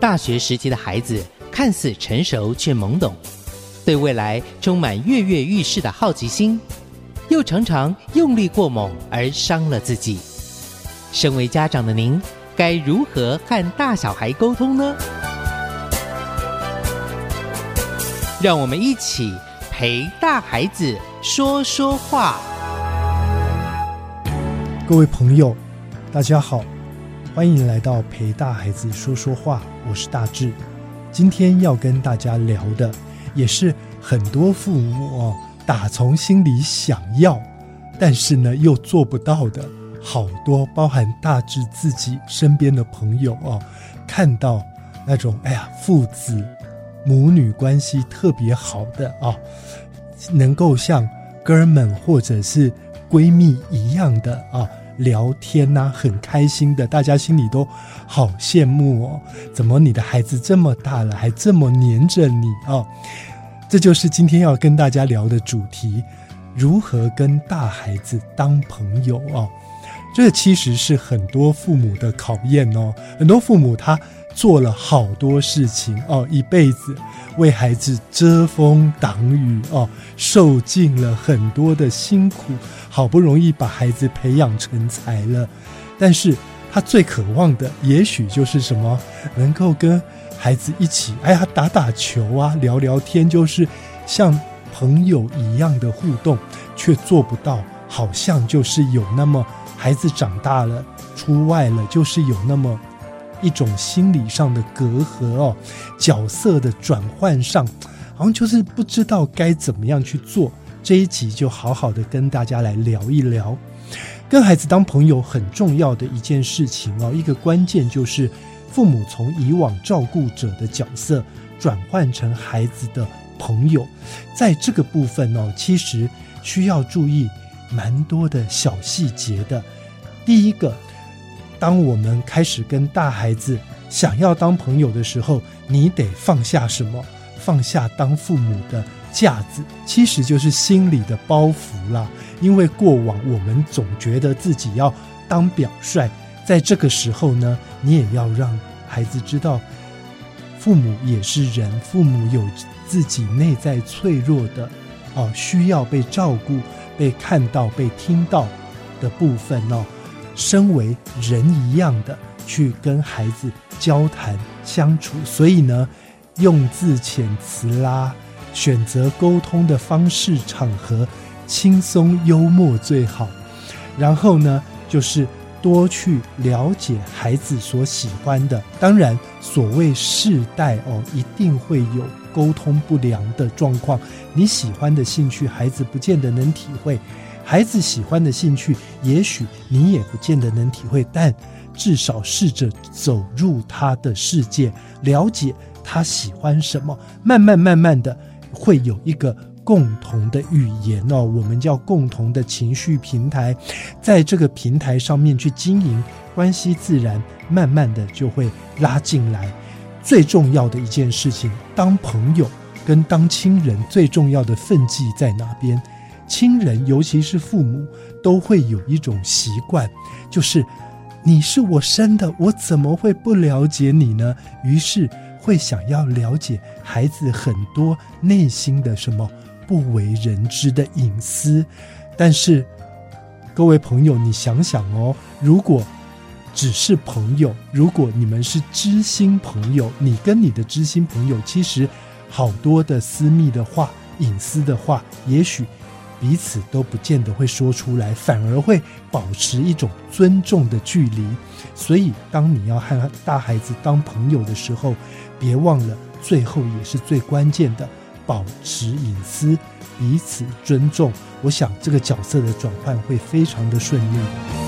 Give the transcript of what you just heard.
大學時期的孩子看似成熟卻懵懂，對未來充滿躍躍欲試的好奇心，又常常用力過猛而傷了自己。身為家長的您，該如何和大小孩溝通呢？讓我們一起陪大孩子說說話。各位朋友，大家好。歡迎來到陪大孩子說說話，我是大志。今天要跟大家聊的，也是很多父母哦，打從心裡想要，但是呢又做不到的好多，包含大志自己身邊的朋友哦，看到那種哎呀，父子母女關係特別好的啊，哦，能夠像哥們或者是閨蜜一樣的啊。哦聊天啊，很開心的，大家心裡都好羨慕哦。怎麼你的孩子這麼大了，還這麼黏着你哦。這就是今天要跟大家聊的主題：如何跟大孩子當朋友哦。這其實是很多父母的考驗哦。很多父母他。做了好多事情哦，一輩子為孩子遮風擋雨哦，受盡了很多的辛苦，好不容易把孩子培養成才了，但是他最渴望的也許就是什麼，能夠跟孩子一起，哎呀打打球啊，聊聊天，就是像朋友一樣的互動，卻做不到，好像就是有那麼孩子長大了出外了，就是有那麼。一種心理上的隔閡哦，角色的轉換上，好像就是不知道該怎麼樣去做。這一集就好好的跟大家來聊一聊，跟孩子當朋友很重要的一件事情哦。一個關鍵就是，父母從以往照顧者的角色轉換成孩子的朋友，在這個部分哦，其實需要注意蠻多的小細節的。第一個。當我們開始跟大孩子想要當朋友的時候，你得放下什麼？放下當父母的架子，其實就是心裡的包袱啦。因為過往我們總覺得自己要當表率，在這個時候呢，你也要讓孩子知道，父母也是人，父母有自己內在脆弱的哦，需要被照顧、被看到、被聽到的部分哦。身為人一樣的去跟孩子交談相處，所以呢，用字遣詞啦，選擇溝通的方式、場合，輕鬆幽默最好。然後呢，就是多去了解孩子所喜歡的。當然，所謂世代哦，一定會有溝通不良的狀況。你喜歡的興趣，孩子不見得能體會。孩子喜歡的興趣，也許你也不見得能體會，但至少試着走入他的世界，了解他喜歡什麼，慢慢慢慢的會有一個共同的語言哦，我們叫共同的情緒平台，在這個平台上面去經營關係，自然慢慢的就會拉進來。最重要的一件事情，當朋友跟當親人最重要的分際在哪邊？親人，尤其是父母，都會有一種習慣，就是你是我生的，我怎麼會不了解你呢？於是會想要了解孩子很多內心的什麼不為人知的隱私。但是，各位朋友，你想想哦，如果只是朋友，如果你們是知心朋友，你跟你的知心朋友，其實好多的私密的話、隱私的話，也許，彼此都不見得會說出來，反而會保持一種尊重的距離。所以，當你要和大孩子當朋友的時候，別忘了最後也是最關鍵的，保持隱私，彼此尊重。我想這個角色的轉換會非常的順利。